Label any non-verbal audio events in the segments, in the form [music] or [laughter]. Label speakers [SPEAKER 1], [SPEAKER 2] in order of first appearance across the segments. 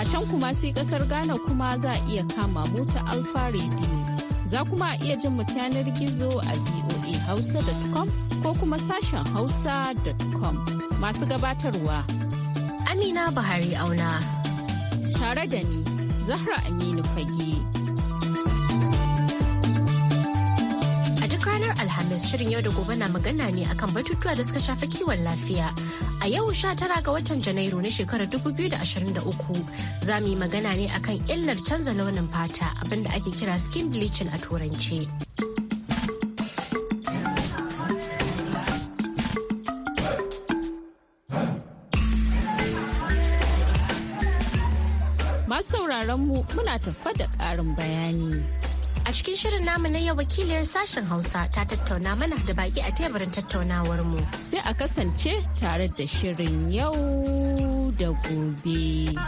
[SPEAKER 1] A can kuma sai kasar Ghana kuma za a iya kama mota Alfa Radio. Za kuma a iya jin mu yanar gizo a VOA ko kuma sashen Hausa.com. Masu gabatarwa. Amina Buhari auna.
[SPEAKER 2] Tare da ni, Zahra Aminu Fage. Mashirin shirin yau da gobe na magana ne akan batutuwa da suka shafi kiwon lafiya. A yau sha tara ga watan Janairu na shekarar 2023 za mu yi magana ne akan illar canza launin fata abinda ake kira skin bleaching a Turanci. Masu sauraron mu muna tafa da ƙarin bayani. A cikin shirin namu na yau wakiliyar sashen Hausa ta tattauna mana da baki a teburin tattaunawar mu. Sai a
[SPEAKER 1] kasance tare da shirin yau da gobe.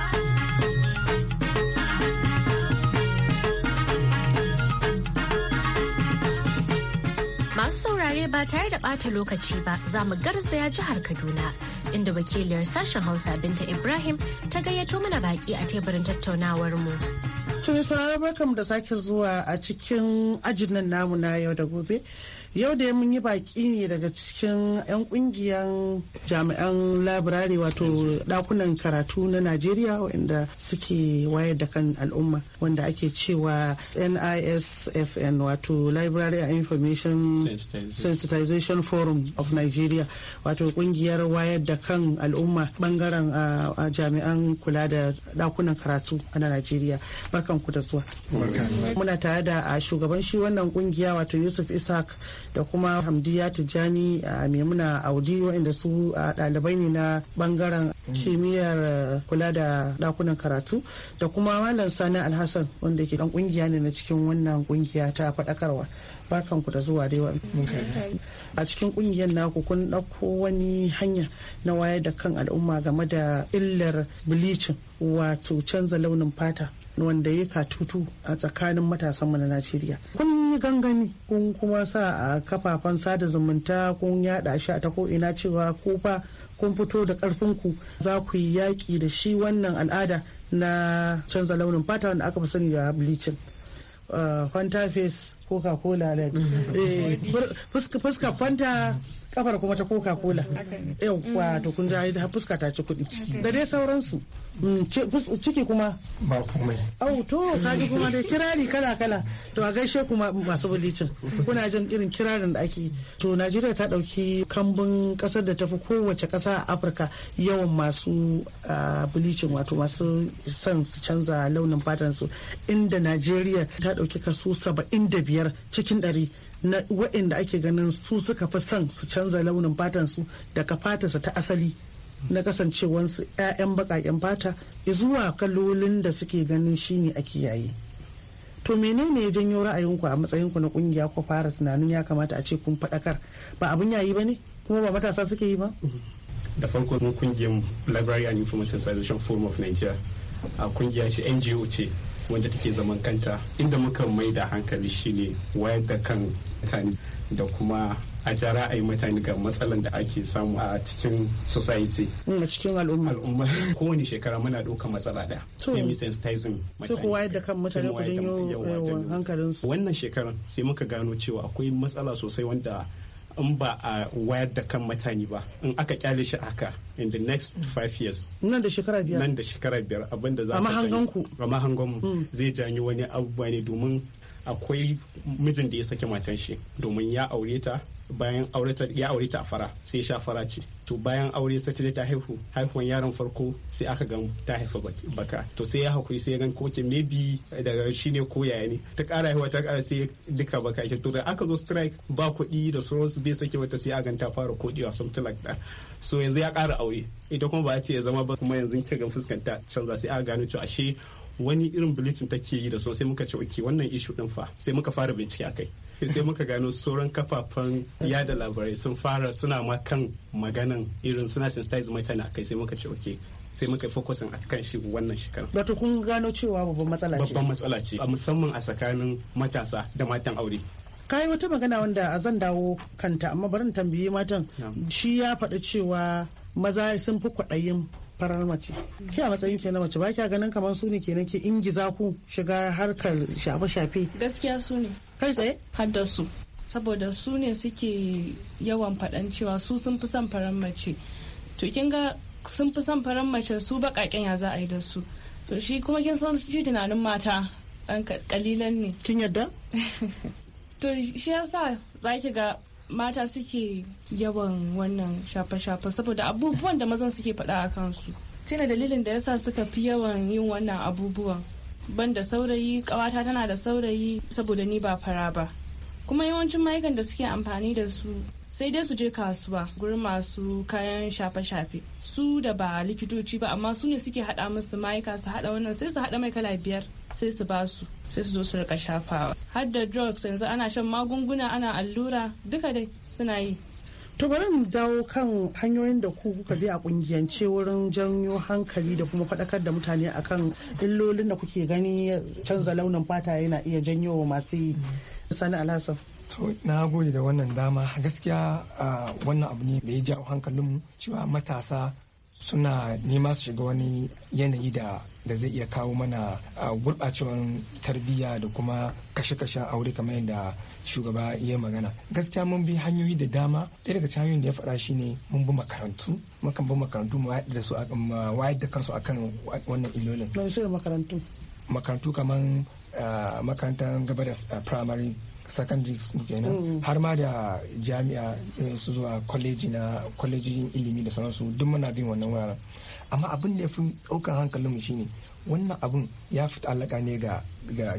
[SPEAKER 2] Masu saurare ba tare da ɓata lokaci ba za mu garzaya jihar Kaduna inda wakiliyar sashen Hausa Binta Ibrahim ta gayyato mana baki a teburin tattaunawar mu.
[SPEAKER 3] To sauraron barkamu da sake zuwa a cikin ajin nan namu yau da gobe. yau da mun yi baki ne daga cikin 'yan ƙungiyar jami'an labirari wato dakunan karatu na najeriya wanda suke wayar da kan al'umma wanda ake cewa nisfn wato library and information sensitization forum of nigeria wato kungiyar wayar da kan al'umma bangaren jami'an kula da dakunan karatu na najeriya barkan ku da zuwa muna tare da shugaban shi wannan kungiya wato yusuf isaac da kuma hamdiya tijjani a maimuna audi waɗanda su ɗalibai ne na ɓangaren mm. kimiyyar eh, kula da ɗakunan karatu da kuma malam sani alhassan wanda ke ɗan ƙungiya ne na cikin wannan ƙungiya ta faɗakarwa barkan ku da zuwa dai a cikin ƙungiyar naku kun ɗauko wani hanya na wayar da kan al'umma game da illar bilicin wato canza launin fata wanda ya tutu a tsakanin matasan mu na Najeriya. Kun yi gangami kun kuma sa a kafafen sada zumunta kun yada shi a ta ko ina cewa ko fa kun fito da karfinku. za ku yi yaƙi da shi wannan al'ada na canza launin fata wanda aka fi sani da bleaching. Uh, Fanta face Coca-Cola Red. Mm-hmm. Eh, fuska Fanta kafar kuma ta coca cola
[SPEAKER 4] kwa mm. to
[SPEAKER 3] kun ji da fuska ta ci kuɗi da dai sauransu mm, ciki kuma ba komai au to ji kuma dai kirari kala kala to a gaishe kuma masu bulicin kuna jin irin kirarin da ake to najeriya ta ɗauki kambun kasar da tafi kowace kasa a afirka yawan masu bulicin wato masu son su canza launin fatansu inda najeriya ta ɗauki kaso saba'in da biyar cikin ɗari na waɗanda ake ganin su suka fi son su canza launin fatan su daga fatarsa ta asali na kasancewansu 'ya'yan baƙaƙen fata zuwa kalolin da suke ganin shine a kiyaye to menene ya janyo ra'ayinku a matsayinku na kungiya ko fara tunanin ya kamata a ce kun faɗakar ba abin yayi ba ne kuma ba matasa suke yi
[SPEAKER 5] ba da farko mun kungiyar library and information solution forum of nigeria a kungiya ce ngo ce wanda take zaman kanta inda muka mai da hankali shine wayar da kan mutane da kuma a ja ra'ayin mutane ga matsalan da ake samu a cikin society. Mm, a cikin al'umma. Al'umma kowane shekara muna ɗaukar matsala da Sai mu sensitizing mutane. Sai kowa yadda kan mutane ku janyo hankalinsu. Wannan shekaran sai muka gano cewa akwai matsala sosai wanda in ba a wayar da kan mutane ba in aka kyale shi haka in the next five years nan da shekara biyar nan da shekara biyar abinda za a mahanganku hangon mu mm. zai janyo wani abubuwa ne domin akwai mijin da ya sake matan shi domin ya aure ta bayan ya aure ta a fara sai sha fara ce to bayan aure sai ta haihu haihuwan yaron farko sai aka gan ta haifa baka to sai ya hakuri sai ya gan ko ke maybe daga shi ne ko yaya ne ta kara haihuwa ta kara sai duka baka ke to da aka zo strike ba kuɗi da sauransu bai sake wata sai a gan ta fara kuɗi something like that so yanzu ya kara aure ita kuma ba ta ya zama ba kuma yanzu kika gan fuskanta canza sai aka gano to ashe wani irin bulletin take yi da so sai muka ce ok wannan ishu din fa sai muka fara bincike akai sai muka gano sauran kafafen yada labarai sun fara suna ma kan maganan irin suna sensitize mutane akai sai muka ce ok sai muka fokusin a kan shi wannan shekarar.
[SPEAKER 3] Wato kun gano cewa babban matsala ce? Babban
[SPEAKER 5] matsala ce, a musamman a tsakanin matasa da matan aure.
[SPEAKER 3] kayi wata magana wanda a zan dawo kanta amma barin tambayi matan shi ya faɗi cewa maza sun fi kwaɗayin farar mace Ke a matsayin ke na mace ba kya ganin kamar su ne kenan ki ingiza ku shiga harkar shafe-shafe
[SPEAKER 6] gaskiya su ne kai tsaye haddar su saboda su ne suke yawan faɗan cewa su sun fi son farar mace to kin ga sun fi son farar mace su baƙaƙen ya za a yi da su to shi kuma kin san shi tunanin mata ɗan kalilan ne kin yadda [laughs] to shi yasa za ki ga mata suke yawan wannan shafe-shafe saboda abubuwan da mazan suke faɗa a kansu tuna dalilin da yasa suka fi yawan yin wannan abubuwan ban da saurayi ƙawata tana da saurayi saboda ni ba fara ba kuma yawancin mayukan da suke amfani da su sai dai su je kasuwa gurin masu kayan shafe-shafe su da ba likitoci ba amma su ne suke haɗa musu mayuka su haɗa wannan sai su haɗa mai kala biyar sai su ba su sai su zo su rika shafawa har da drugs yanzu ana shan magunguna ana allura duka dai suna yi
[SPEAKER 3] to bari mu dawo kan hanyoyin da ku kuka bi a kungiyance wurin janyo hankali da kuma faɗakar da mutane akan illolin da kuke gani canza launin fata yana iya janyo masu yi sani
[SPEAKER 4] alhassan so na gode da wannan dama gaskiya wannan abu ne da ya jawo hankalinmu cewa matasa suna nema su shiga wani yanayi da da zai iya kawo mana gurɓacewar tarbiyya da kuma kashe-kashen aure kamar yadda shugaba ya magana gaskiya mun bi hanyoyi da dama ɗaya daga hanyoyin da ya faɗa shine mun bi makarantu mukan bi makarantu mu wayar da su wayar da kansu akan wannan illolin makarantu makarantu kamar makarantar gaba da primary secondary school kenan mm. har ma da jami'a eh, su zuwa kwaleji na kwalejin ilimi da sauransu duk muna bin wannan wuraren amma abin da ya fi ɗaukan hankalinmu shine wannan abun ya fi alaka ne ga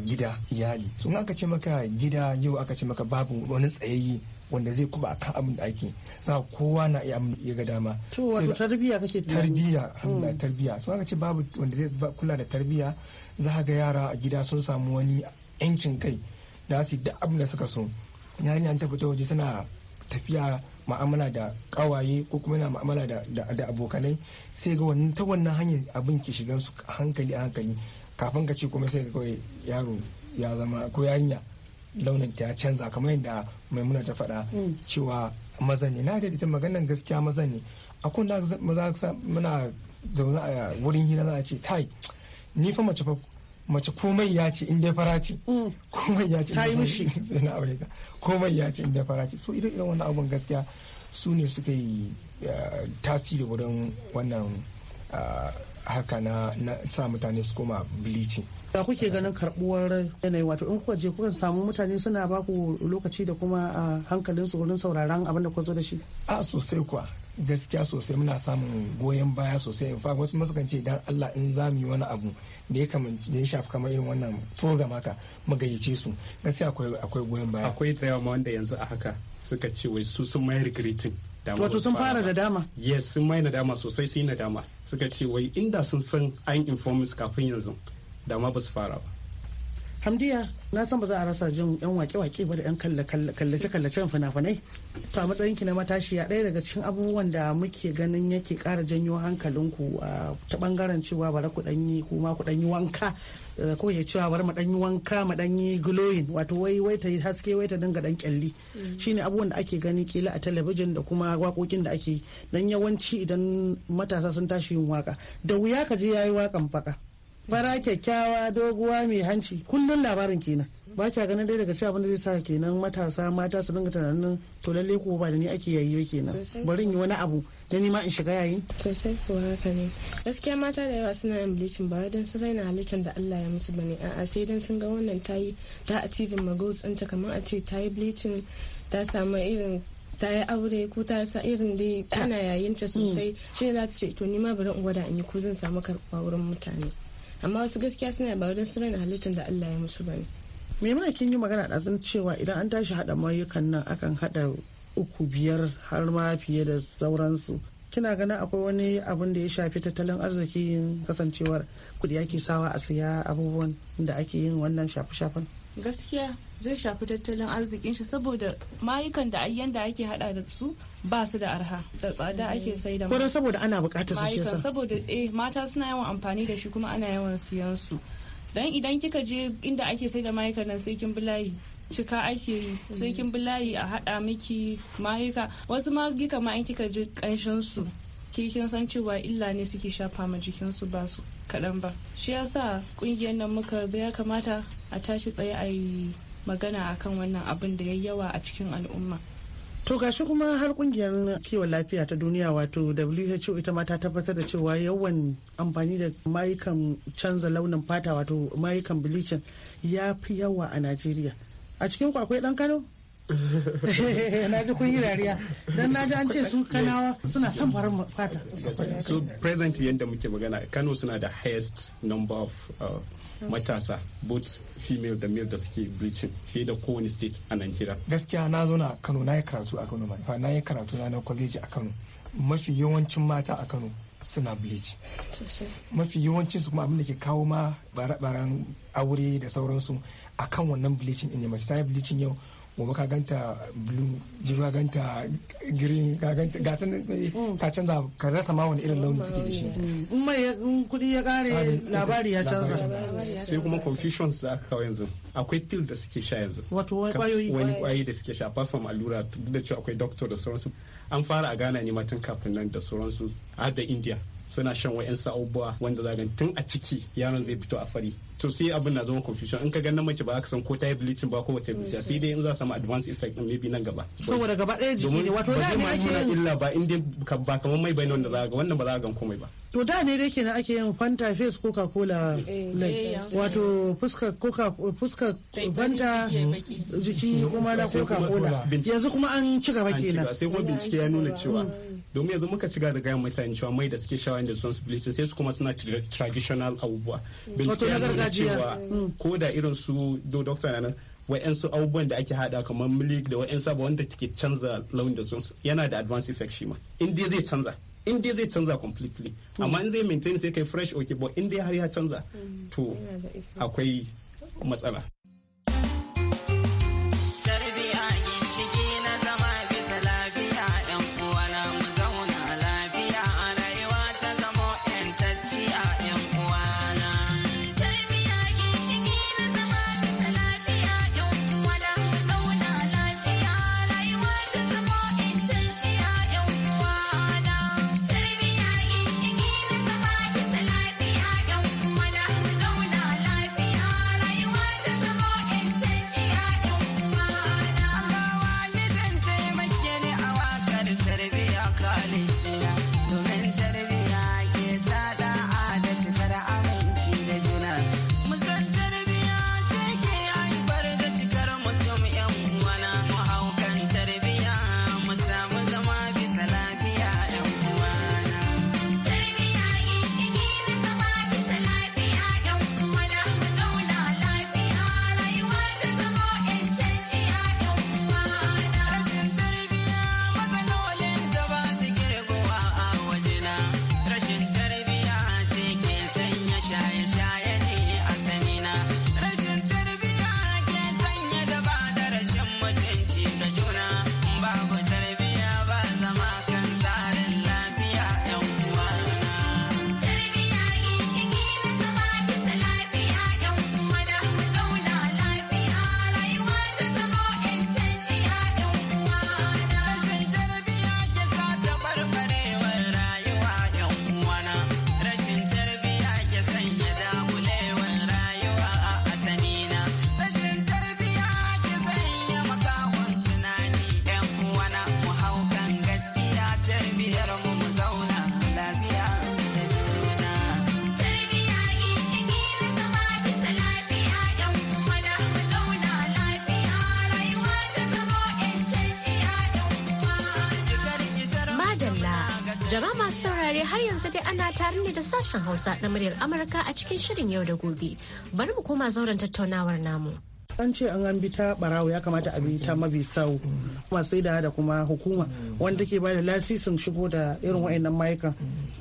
[SPEAKER 4] gida iyali sun aka ce maka gida yau aka ce maka babu wani tsayayye wanda zai kuba kan abin da ake za kowa na iya ya ga dama to wato tarbiya kake tarbiya tarbiya sun aka ce babu wanda zai kula da tarbiya za ga yara a gida sun samu wani yancin kai da su duk abin da suka so yarinya ta fita waje tana tafiya ma'amala da kawaye ko kuma yana ma'amala da abokanai sai ga wannan ta wannan hanyar abin ke shiga su hankali a hankali kafin ka ce kuma sai kawai yaro ya zama ko yarinya launin ta ya canza kamar yadda maimuna ta faɗa mm. cewa maza ne na da maganar gaskiya maza ne kun da muna zaune a wurin hira za a ce kai ni fa mace fa mace komai ya ce in dai fara ce mm. komai ya ce inda ya fara ci. komai ya ce in dai fara ce so irin irin wannan abun gaskiya su ne suka yi eh, tasiri wurin wannan eh, haka na sa mutane su koma bleaching da kuke ganin karbuwar yanayi wato in kuka je kuka samu mutane suna ba
[SPEAKER 3] ku lokaci da kuma eh, hankalin su wurin sauraron abin da kuka zo da shi a sosai kuwa
[SPEAKER 4] gaskiya sosai muna samun goyon baya sosai in fa wasu masu kan ce idan Allah in za mu yi wani abu da ya kama da ya shafi kamar irin wannan program haka mu gayyace su gaskiya akwai akwai goyon baya
[SPEAKER 5] akwai da yawa wanda yanzu a haka suka ce wai su sun mayar greeting wato sun fara da dama yes sun mai dama sosai sun yi nadama suka ce wai inda sun san an informis kafin yanzu dama ba su fara ba
[SPEAKER 3] hamdiya na san ba za a rasa jin yan wake-wake ba da yan kallace-kallacen fina-finai to a matsayin ki na matashiya ɗaya daga cikin abubuwan da muke ganin yake kara janyo hankalinku ta bangaren cewa bara ku ɗanyi kuma ku ɗanyi wanka eh, ko ya cewa bara mu ɗanyi wanka mu ɗanyi glowing wato wai wai ta haske wai ta dinga ɗan kyalli mm. shine abubuwan da ake gani kila a talabijin da kuma waƙoƙin da ake dan yawanci idan matasa sun tashi yin waka da wuya ka je yayi wakan faka fara kyakkyawa doguwa mai hanci kullum labarin kenan ba kya ganin dai daga abin da zai sa kenan matasa mata su dinga tunanin to lalle ko ba da ni ake yayi kenan bari yi wani abu da ni ma in shiga yayi sosai ko haka ne
[SPEAKER 7] gaskiya mata da yawa suna yin bleaching ba dan sun raina halittar da Allah ya musu bane a'a sai dan sun ga wannan tayi ta achieve ma goals din ta kamar a ce tayi bleaching ta samu irin ta yi aure ko ta sa irin dai ana yayin ta sosai mm. shi ne za ta ce to ni ma bari in gwada in yi ko zan samu karɓa wurin mutane amma wasu gaskiya suna ba wajen su halittar da Allah ya musu bane
[SPEAKER 3] me ma kin yi magana ɗazun cewa idan an tashi haɗa mayukan nan akan haɗa uku biyar har ma fiye da sauransu kina ganin akwai wani abun da ya shafi tattalin arziki kasancewar kudi ake sawa a siya abubuwan da ake yin wannan shafe-shafen
[SPEAKER 7] gaskiya zai shafi tattalin
[SPEAKER 6] arzikin shi saboda mayukan da ayyan da ake hada da su ba su da arha da tsada ake mm. sai da mayukan
[SPEAKER 3] saboda ana bukatar su shi
[SPEAKER 6] saboda eh mata suna yawan amfani da shi kuma ana yawan siyan su dan idan kika je inda ake sai da mayukan nan sai kin bulayi cika ake yi sai kin bulayi a hada miki mayuka wasu mayuka ma in kika ji kanshin su kin san cewa illa ne suke shafa ma jikinsu ba su kaɗan ba shi yasa kungiyar nan muka ga ya kamata a tashi tsaye a yi magana akan wannan abin da ya yawa a cikin al'umma
[SPEAKER 3] To gashi kuma har kungiyar kiwon lafiya ta duniya wato WHO ita ma ta tabbatar da cewa yawan amfani da mayukan canza launin fata wato mayukan bleaching ya fi yawa a Najeriya. A cikin ku akwai dan Kano? [laughs] na ji kun yi dariya don na ji an ce su kanawa suna son farin fata. So
[SPEAKER 5] present yadda muke magana Kano suna da highest number of uh, matasa both female da male da suke bleaching fiye da kowane state a Najeriya.
[SPEAKER 4] Gaskiya na zo na Kano na yi karatu a Kano ma na yi karatu na kwaleji a Kano mafi yawancin mata a Kano suna bleach mafi yawancin su kuma abin da ke kawo ma bara-baran aure da sauransu a kan wannan bleaching in yi mace ta yi bleaching yau gobe ka ganta blue ji ka ganta green ka ganta gatan Ka mm. canza ka rasa ma wani irin launin take da shi
[SPEAKER 3] mm. in mai kudi ya kare labari ya canza
[SPEAKER 5] sai kuma confusions da aka kawo yanzu akwai pill da suke sha yanzu wato kwayoyi wani kwayoyi da suke sha apart from allura duk da cewa akwai doctor da sauransu an fara a Gana ne matan kafin nan da sauransu A da India suna shan wa'yansu abubuwa wanda zagan tun a ciki yaron zai fito a fari to sai abin na zama confusion in ka ga mace ba ka san ko ta yi bleaching ba ko wata bleaching sai dai in za samu advance effect din maybe nan gaba saboda gaba ɗaya jiki ne wato da ne ake yin illa ba in dai ba kamar mai bane wanda zaga wannan ba za ga komai ba
[SPEAKER 3] to da ne dai kenan ake yin fanta face coca cola eh, eh, wato eh, fuska coca fuska fanta jiki kuma na coca cola yanzu kuma
[SPEAKER 5] an ci gaba kenan sai kuma bincike ya nuna cewa domin yanzu muka ci gaba da gaya mutane cewa mai da suke shawarar da sun bleach sai su kuma suna traditional abubuwa mm. bincike ya nuna cewa mm. ko da irin su do doctor na nan wa'yansu abubuwan da ake hada kamar milik da wa'yansu abubuwan wanda take canza launin da sun yana da advanced effect shi ma in dai zai canza in dai zai canza completely mm. amma in zai maintain sai kai fresh okay but in dai har ya canza to akwai matsala
[SPEAKER 2] dai har yanzu dai ana tare ne da sashen Hausa na muryar Amurka a cikin shirin yau da gobe. Bari mu koma zauren tattaunawar namu.
[SPEAKER 3] an ce an an ta barawo ya kamata a bi ta mabi sau masu da da kuma hukuma wanda take da lasisin shigo da irin wa'annan mayukan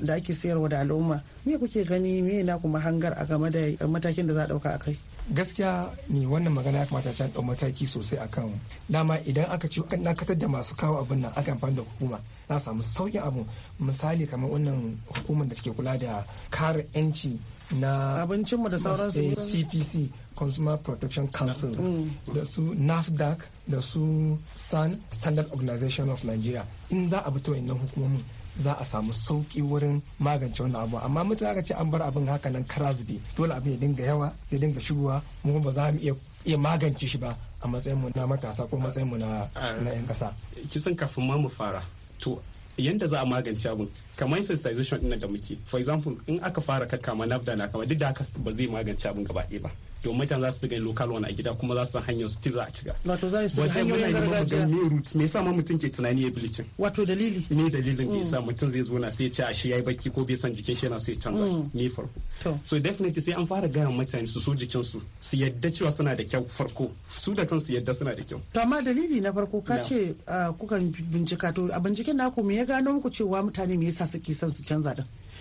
[SPEAKER 3] da ake sayarwa da al'umma me kuke gani me na kuma hangar a game da
[SPEAKER 4] matakin da za a dauka a kai gaskiya ni wannan magana ya kamata can ɗau mataki sosai a akan dama idan aka ci na katar da masu kawo abin nan aka amfani da hukuma na samu sauƙin abu misali kamar wannan hukumar da suke kula da kare 'yanci na abincinmu da sauransu cpc eh, consumer protection council mm. da su nafdac da su san standard organization of nigeria in za a bi ta hukumomin za a samu sauki wurin magance wannan abu amma mutum aka ce an bar abin haka nan kara zube dole abin ya dinga yawa ya dinga shigowa mu ba za mu iya magance shi ba a matsayin mu na matasa ko matsayin mu na yan ah. kasa
[SPEAKER 5] kisan kafin ma mu fara to yanda za a magance abin kamar sensitization ɗin da muke for example in aka fara kakkama nafda na kama duk da haka ba zai magance abin gaba ɗaya ba domin mutane za su ga local one a gida kuma za su san hanyar su za a cika wato za su hanyoyin gargajiya me root me yasa ma mutum ke tunani ya bleaching wato dalili me dalilin da yasa mm. mutum zai zo na sai ya a shi yayi baki ko bai san jikin shi yana so ya canza ne mm. farko so definitely sai an fara gaya mutane su so jikin su su yadda cewa suna da kyau farko su da kansu yadda suna da kyau
[SPEAKER 3] to amma dalili na farko ka ce ah, kukan bincika to a binciken naku me ya gano muku cewa mutane me yasa suke son su canza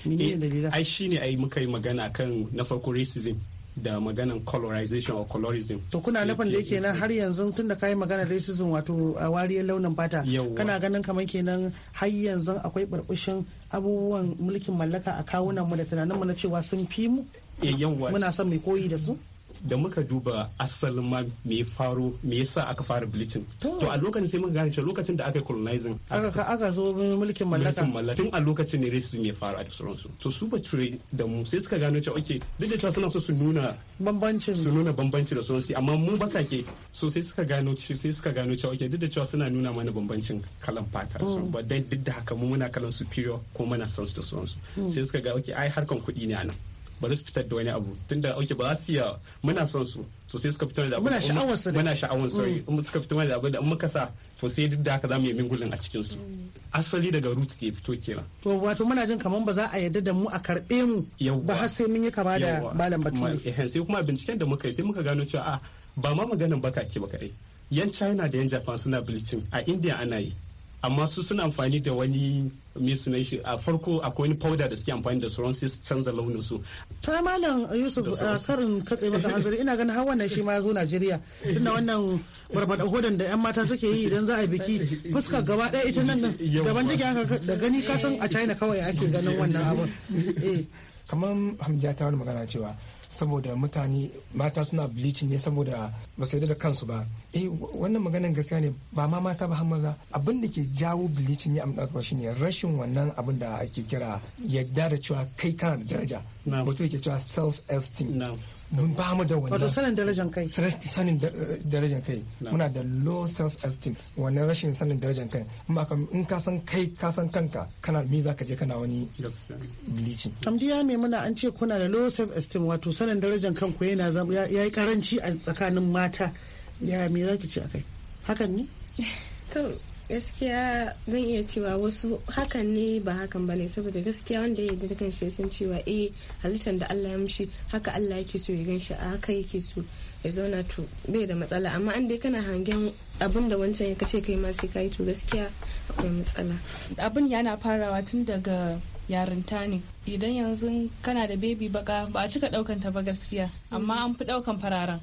[SPEAKER 5] din eh, ai shi ne ai muka yi magana kan na farko racism da maganan colorization or colorism. To kuna nufin da nan har
[SPEAKER 3] yanzu tun da kayi magana racism wato a wariyar launin fata. Kana ganin kamar kenan har yanzu akwai barbushin abubuwan mulkin mallaka a kawunan mu da tunanin mu na cewa sun fi mu.
[SPEAKER 5] Eh, Muna son mai koyi da su. da muka duba asalin ma me faro me yasa aka fara bleaching to a lokacin sai muka gane lokacin da aka yi colonizing aka
[SPEAKER 3] aka zo mulkin mallaka tun a
[SPEAKER 5] lokacin ne racism ya faro a cikin su to su bature da mu sai suka gano cewa okay duk da cewa suna so su nuna bambancin su nuna bambanci da sauransu amma mu ke so sai suka gano cewa sai suka gano cewa okay duk da cewa suna nuna mana bambancin kalan fata su mm. ba dai duk da haka mu muna kalan superior ko muna sans da sauransu mm. sai suka ga okay ai harkan kuɗi ne anan bari su fitar da wani abu tunda auke ba za su iya muna son su to sai suka fitar da abu muna sha'awar su muna sha'awar su mm. in suka fitar da abu da in muka sa to sai duk da haka za mu yi mingulin a cikin su mm. asali daga roots ke fito kenan
[SPEAKER 3] to wato muna jin kamar ba za a yarda da mu a karbe mu ba har sai mun yi kama da malam bature
[SPEAKER 5] eh, sai kuma binciken da muka yi sai muka gano cewa a ba ma maganin baka ke ba kai yan china da yan japan suna bleaching a india ana yi amma su suna amfani da wani misunan a farko akwai wani powder da suke amfani da sauran sai su canza launin su.
[SPEAKER 3] ta malam yusuf karin katse maka hanzari ina ganin har wannan shi ma zo najeriya tunda wannan barbada hodan da yan mata suke yi idan za a biki fuska gaba ɗaya ita nan daban take haka da gani kasan a
[SPEAKER 4] china kawai ake ganin wannan abun. Eh. kamar hamdiya ta wani magana cewa saboda mutane mata suna bleaching ne saboda ba su da kansu ba eh wannan maganan gaskiya ne ba ma mata ba maza abin da ke jawo bleaching ne a ɗauka shi ne rashin wannan abin da ake kira yadda da cewa kai kana da daraja batu ke cewa self esteem mun ba mu da wannan wato sanin darajar kai sanin darajar kai muna da low self esteem wannan rashin sanin darajar kai in ka san kai ka san kanka kana me za ka je kana wani
[SPEAKER 3] Kamdi ya me muna an ce kuna da low self esteem wato sanin darajar kanku yana yayi karanci a tsakanin mata ya me za ki ce akai hakan ne
[SPEAKER 7] to gaskiya zan iya cewa wasu hakan ne ba hakan ba ne saboda gaskiya wanda ya da shi sun cewa eh halittar da Allah ya mishi haka Allah yake so ya ganshi a haka yake so ya zauna to bai da matsala amma an dai kana hangen abin da wancan ya kace kai ma sai kai to gaskiya akwai matsala abin yana farawa tun
[SPEAKER 6] daga yarinta ne idan yanzu kana da bebi baka ba a cika daukan ta ba gaskiya amma an fi daukan fararen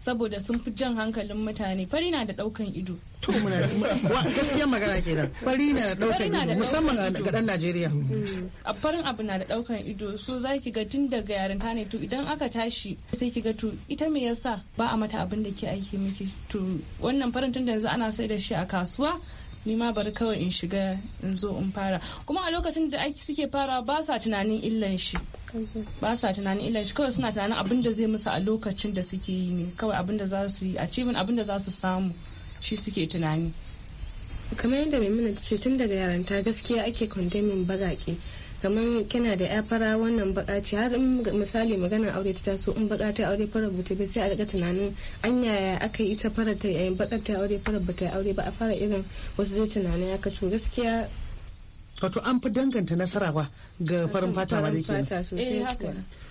[SPEAKER 6] saboda sun fi jan hankalin mutane fari na da daukan ido
[SPEAKER 3] to muna gaskiya magana kenan fari na da daukan ido musamman ga dan Najeriya
[SPEAKER 6] mm. a farin abu na da daukan ido so zaki ga tun daga yarinta ne to idan aka tashi sai ki ga to ita me yasa ba a mata abin da ke aiki miki to wannan farin tun da yanzu ana sai da shi a kasuwa ni ma bari kawai in shiga in zo in fara kuma a lokacin da aiki suke fara ba sa tunanin illan shi ba sa tunanin illan shi kawai suna tunanin abin da zai musu a lokacin da suke yi ne kawai abin da za su yi abin da za su samu shi suke tunani
[SPEAKER 7] kamar yadda maimuna ce tun daga yaranta gaskiya ake condemning bagake kamar kina da ya fara wannan bakaci ce har misali magana aure ta taso in baka ta aure fara bata ba sai a daga tunanin an yaya aka yi ita fara ta yayin baka ta aure fara bata aure ba a fara irin wasu zai tunanin ya kacu gaskiya
[SPEAKER 3] wato an fi danganta nasara ba ga farin fata ba da ke eh,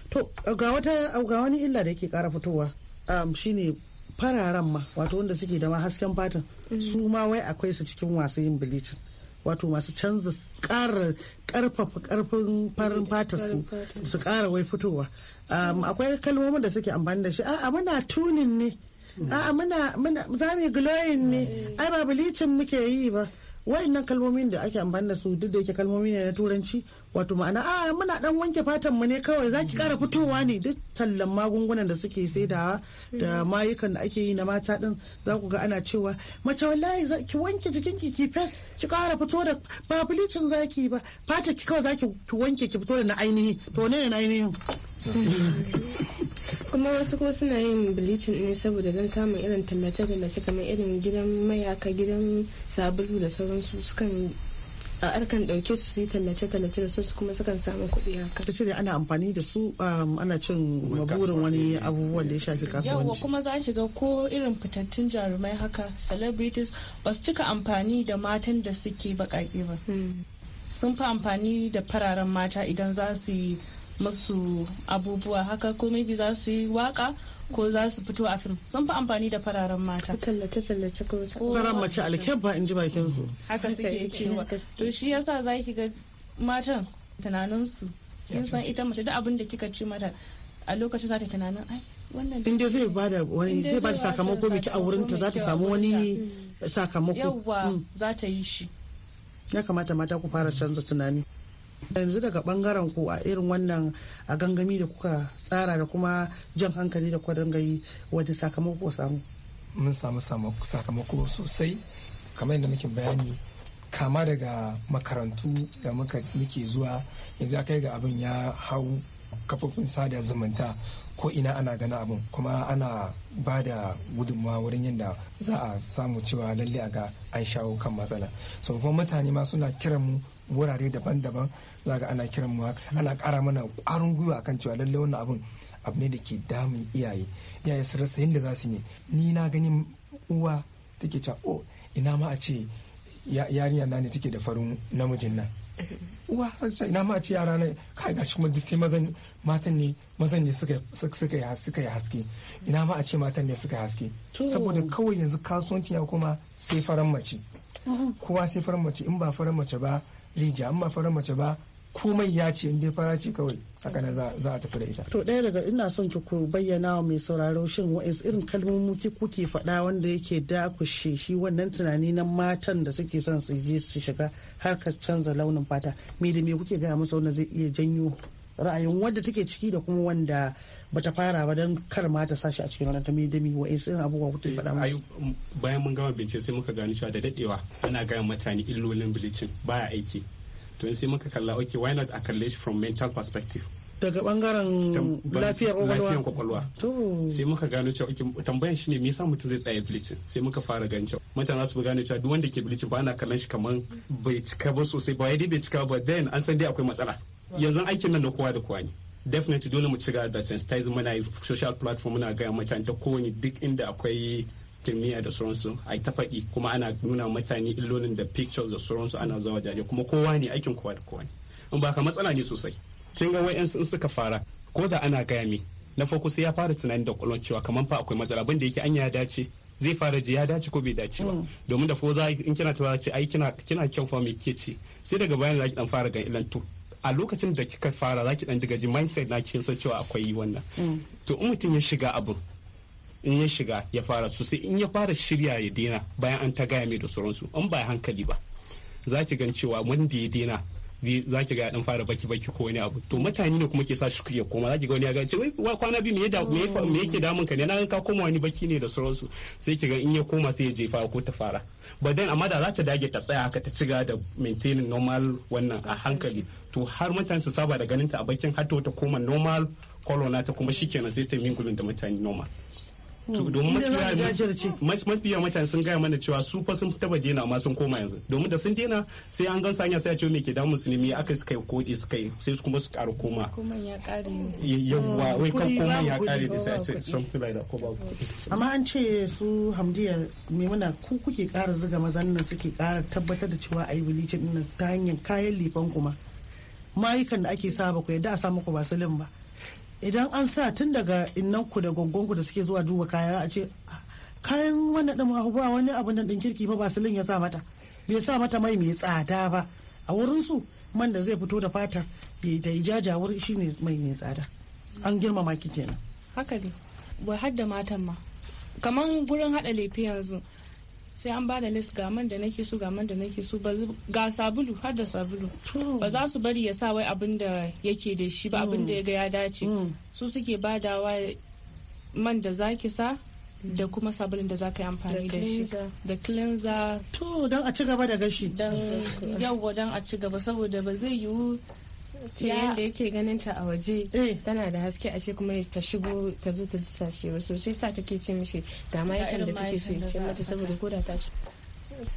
[SPEAKER 3] to uh, ga wata uh, ga wani illa da yake kara fitowa um, shine fararen ma wato wanda suke da ma hasken fatan mm. su ma wai akwai su cikin wasu yin bilicin wato masu canza ƙara ƙarfafa ƙarfin farin fata su su ƙara wai fitowa um, akwai kalmomin da suke amfani da shi a'a muna tunin ne a'a muna za mu glowing ne ai ba bilicin muke yi ba wa'annan kalmomin da ake amfani da su duk da yake kalmomi ne na turanci wato ma'ana a ah, muna dan wanke fatan mu ne kawai zaki kara fitowa ne duk tallan magungunan da suke saidawa da hmm. mayukan da ake yi na mata din za ku ga ana cewa mace wallahi ki wanke jikin ki ki fes ki kara fito da ba bleaching zaki ba fata ki kawai zaki ki wanke ki fito da na ainihi to ne na ainihin
[SPEAKER 2] [laughs]
[SPEAKER 7] kuma wasu ko suna yin bleaching ne saboda don samun irin tallace-tallace kamar irin gidan mayaka gidan sabulu da sauransu sukan a arkan dauke su yi tallace-tallace
[SPEAKER 3] da su kuma sukan samu kuɗi haka. Ta ce ana amfani da su um, ana cin maburin wani abubuwan da ya shafi kasuwanci. Yawwa
[SPEAKER 6] kuma za shiga ko irin fitattun jarumai haka celebrities ba su cika amfani da matan da suke baƙaƙe ba. Hmm. Sun fi amfani da fararen mata idan za su yi musu abubuwa haka ko maybe za su yi waka ko za su fito a fim sun fi amfani da fararen mata
[SPEAKER 7] tallace tallace ko
[SPEAKER 6] fararen mace
[SPEAKER 3] alkyabba in ji bakin su haka
[SPEAKER 6] suke cewa to shi yasa za ki ga matan tunanin su in san ita mace duk abin da kika ce mata a lokacin za ta tunanin ai
[SPEAKER 3] wannan in dai zai bada wani zai bada sakamako mai kyau a wurin ta za ta samu wani sakamako yawwa
[SPEAKER 6] mm. za ta yi shi
[SPEAKER 3] ya kamata mata ku fara canza tunani yanzu daga bangaren ku a irin wannan a gangami da kuka tsara da kuma
[SPEAKER 4] jan hankali da kwadangayi wadda sakamako samu mun samu sakamako sosai kamar yadda muke bayani kama daga makarantu da muke zuwa yanzu aka yi ga abin ya hau kafofin sada zumunta ko ina ana gana abin kuma ana ba da gudunmawa wurin yadda za a samu cewa lalle a ga an shawo kan matsala so kuma mutane ma suna kiran mu wurare daban-daban za ana kiran mu ana kara mana ƙwarin gwiwa akan cewa lallai wannan abun abu ne da ke damun iyaye iyaye su rasa yadda za su yi ni na ganin uwa take cewa o oh, ina ma a ce yarinya na ne take da farin namijin nan [laughs] uwa ina ma a ce yara ne kai gashi kuma duk sai mazan matan ne mazan ne suka suka yi haske ina ma a ce matan ne suka yi haske saboda kawai yanzu kasuwancin ya kuma sai faran mace kowa sai faran mace in ba faran mace ba rija in ba faran mace ba komai ya ce in dai fara ce kawai haka za a tafi da ita.
[SPEAKER 3] To ɗaya daga ina son ki ku bayyana wa mai sauraro shin wa'ansu irin kalmomi kuke faɗa wanda yake ku shi wannan tunani na matan da suke son su je su shiga harkar canza launin fata me da me kuke gaya musu wanda zai iya janyo ra'ayin wanda take ciki da kuma wanda bata fara ba don kar ma ta sashi a cikin wannan ta da me wa'ansu irin abubuwa kuke faɗa eh,
[SPEAKER 5] musu. bayan mun gama bincike sai muka gano cewa da daɗewa ana gaya mutane illolin bilicin baya aiki to sai muka kalla ok why not a kalle shi from mental perspective daga bangaren lafiyar kwakwalwa sai muka gano cewa tambayan shi ne me yasa mutum zai tsaya bleaching sai muka fara gani cewa mutane su gane cewa duk wanda ke bleaching ba na kallon shi kaman bai cika ba sosai ba yadda bai cika ba then an san dai akwai matsala yanzu aikin nan na kowa da kowa ne definitely dole mu ci gaba da sensitizing muna yi social platform muna gaya mutane ta kowane duk inda akwai kirmiya da sauransu a ta faɗi kuma ana nuna mutane illolin da pictures da sauransu ana zuwa wajaje kuma kowa ne aikin kowa da kowa ne in ba ka matsala ne sosai kin ga wayansu in suka fara ko da ana gaya mi na farko sai ya fara tunanin da kwallon cewa kamar fa akwai matsala abin da yake an ya dace zai fara ji ya dace ko bai dace ba mm. domin da za in kina ta ce ai kina kina kyan fa me kike ce sai daga bayan za dan fara ga ilan to a lokacin da kika fara zaki dan diga ji mindset na kin san cewa akwai wannan mm. to in mutum ya shiga abu in ya shiga ya fara su sai in ya fara shirya ya dena bayan an ta gaya mai da sauransu an ba hankali ba za ki gan cewa wanda ya dena za ki ga ya dan fara baki baki ko wani abu to mutane ne kuma ke sa shi ya koma za ki ga wani ya gan cewa wa kwana biyu me ya me me yake damun ka ne na ka koma wani baki ne da sauransu sai ki ga in ya koma sai ya je fara ko ta fara ba dan amma da za ta dage ta tsaya haka ta ciga da maintaining normal wannan a hankali to har mutane su saba da ganin ta a bakin hatta ta koma normal kolona ta kuma shikenan sai ta mingulin da mutane normal Hmm. domin mafiya mutane sun gaya mana cewa su fa sun taba dena amma sun koma yanzu domin da sun dena sai an gansa hanya sai a ce me ke damun su ne me aka suka yi kodi suka yi sai su kuma su ƙara koma
[SPEAKER 4] koman ya ƙare
[SPEAKER 5] yawwa hmm. wai kan koman ya ƙare da sai a ce something like that ko ba amma
[SPEAKER 3] an ce su hamdiya maimuna ku kuke ƙara zuga mazan nan suke ƙara tabbatar da cewa ayi bilicin din ta hanyar kayan lifan kuma mayukan da ake saba ba ku yadda a sa muku basilin ba idan an sa tun daga innanku da ku da suke zuwa duba kaya a ce kayan wannan din ba wani abu nan din kirki ba basilin ya sa mata bai sa mata mai mai tsada ba a wurin su man da zai fito da fatar da ijajawar shi ne mai mai tsada an girmama ki kenan
[SPEAKER 6] haka ne wai har matan ma kaman gurin hada lefe yanzu sai an bada list ga man da nake so ga man da nake so ga sabulu har da sabulu ba za su bari ya sa wai abin da yake da shi ba mm. abin da ya ga ya dace mm. su suke badawa man da zaki sa da kuma sabulun da za ka yi amfani da shi da cleanser to don a ci gaba da gashi don yawwa don a ci gaba saboda ba zai yiwu
[SPEAKER 7] ke da yake ganin ta a waje eh. tana da haske a ce kuma ta shigo ta zo ta ji ba sosai sa take ce mishi ga mayakan da take so sai mata saboda koda ta shi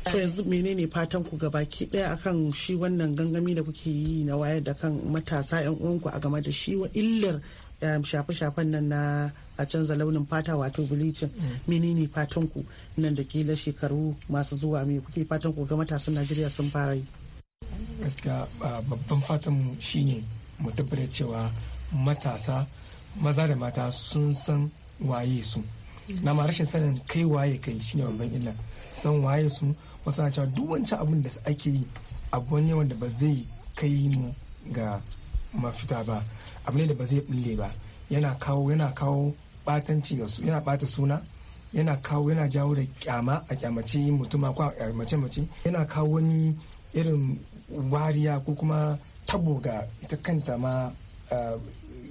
[SPEAKER 3] to yanzu menene fatan ku gabaki daya akan shi wannan gangami da kuke yi na wayar da kan matasa yan uwanku a game da shi wa illar um, shafe-shafen nan na a canza launin fata wato bleaching mm. menene fatan ku nan da kila shekaru masu zuwa me kuke fatan ku ga matasan Najeriya sun fara yi
[SPEAKER 4] gaskiya babban fatan shine mu tabbatar cewa matasa maza da mata sun san waye su na ma rashin sanin kai waye kai shine babban illa san waye su wasu na cewa duk wancan abin da ake yi abu ne wanda ba zai kai mu ga mafita ba abu ne da ba zai bulle ba yana kawo yana kawo batanci ga su yana bata suna yana kawo yana jawo da kyama a kyamace mutuma ko a mace mace yana kawo wani irin wariya ko kuma tabo ga ita kanta ma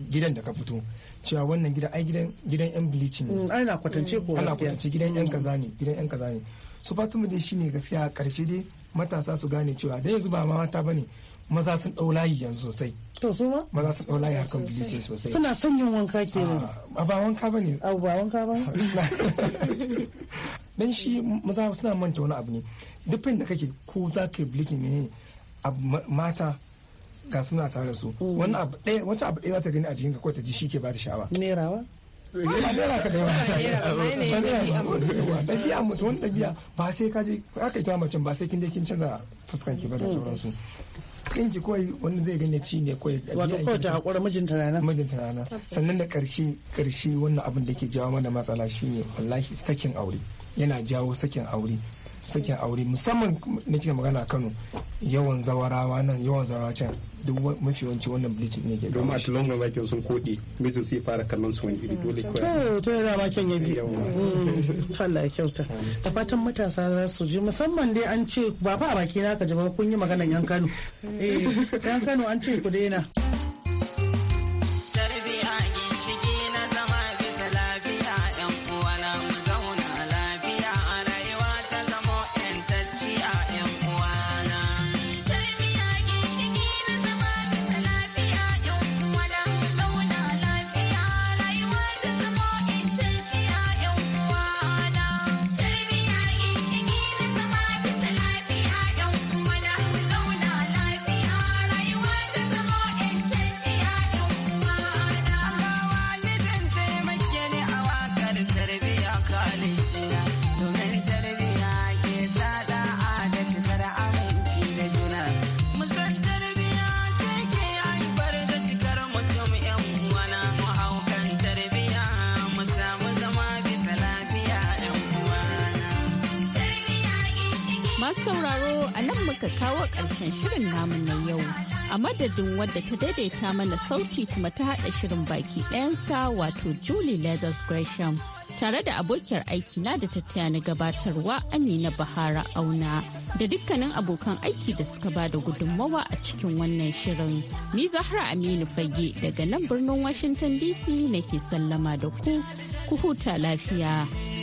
[SPEAKER 4] gidan da ka fito cewa wannan gida ai gidan gidan yan bleaching ne mm, na kwatance ko ana kwatance gidan yan kaza ne gidan yan kaza ne so Fatima dai shine gaskiya karshe dai matasa su gane cewa dai yanzu ba ma mata bane maza sun dau layi yanzu sosai to su ma maza sun dau layi harkan bleaching sosai suna son yin wanka kenan a ah, ba wanka bane a ba wanka ba [laughs] dan shi maza suna manta wani abu ne duk da kake ko za ka yi bleaching ne mata ga suna tare da su mm. wani abu ɗaya wata abu ɗaya za ta gani a jikinka kawai ta ji shi ke ba ta sha'awa merawa ba naira ka ɗaya ba ɗabi'a mutum wani ɗabi'a ba sai ka je aka yi macen ba sai kin je kin canza fuskanki ba da mm. sauransu ɗinki kawai wani zai gane ci ne kawai wato kawai ta haƙura mijinta rana mijinta rana sannan da ƙarshe ƙarshe wannan abin da ke jawo mana matsala shine wallahi sakin aure yana jawo sakin aure sakin aure musamman na cikin magana Kano yawan zawarawa nan yawan zawarawa can duk mafi wanci wannan bleaching ne ke Domin ma
[SPEAKER 5] tilon ga bakin sun kodi mijin sai fara kallon su wani iri hmm, dole kawai
[SPEAKER 4] to yana bakin ya bi hmm, Allah ya kyauta da fatan matasa za su
[SPEAKER 3] ji musamman dai an ce ba fa a baki na ka ji ba kun yi maganan yan Kano eh yan Kano an ce ku daina
[SPEAKER 1] masu sauraro a nan muka kawo ƙarshen shirin namu na yau. A madadin wadda ta daidaita mana sauti kuma ta haɗa shirin baki ɗayansa wato Julie Leathers Gresham. Tare da abokiyar aiki na da tattaya na gabatarwa Amina Bahara Auna da dukkanin abokan aiki da suka ba da gudunmawa a cikin wannan shirin. Ni Zahra Aminu Fage daga nan birnin Washington DC nake sallama da ku, ku huta lafiya.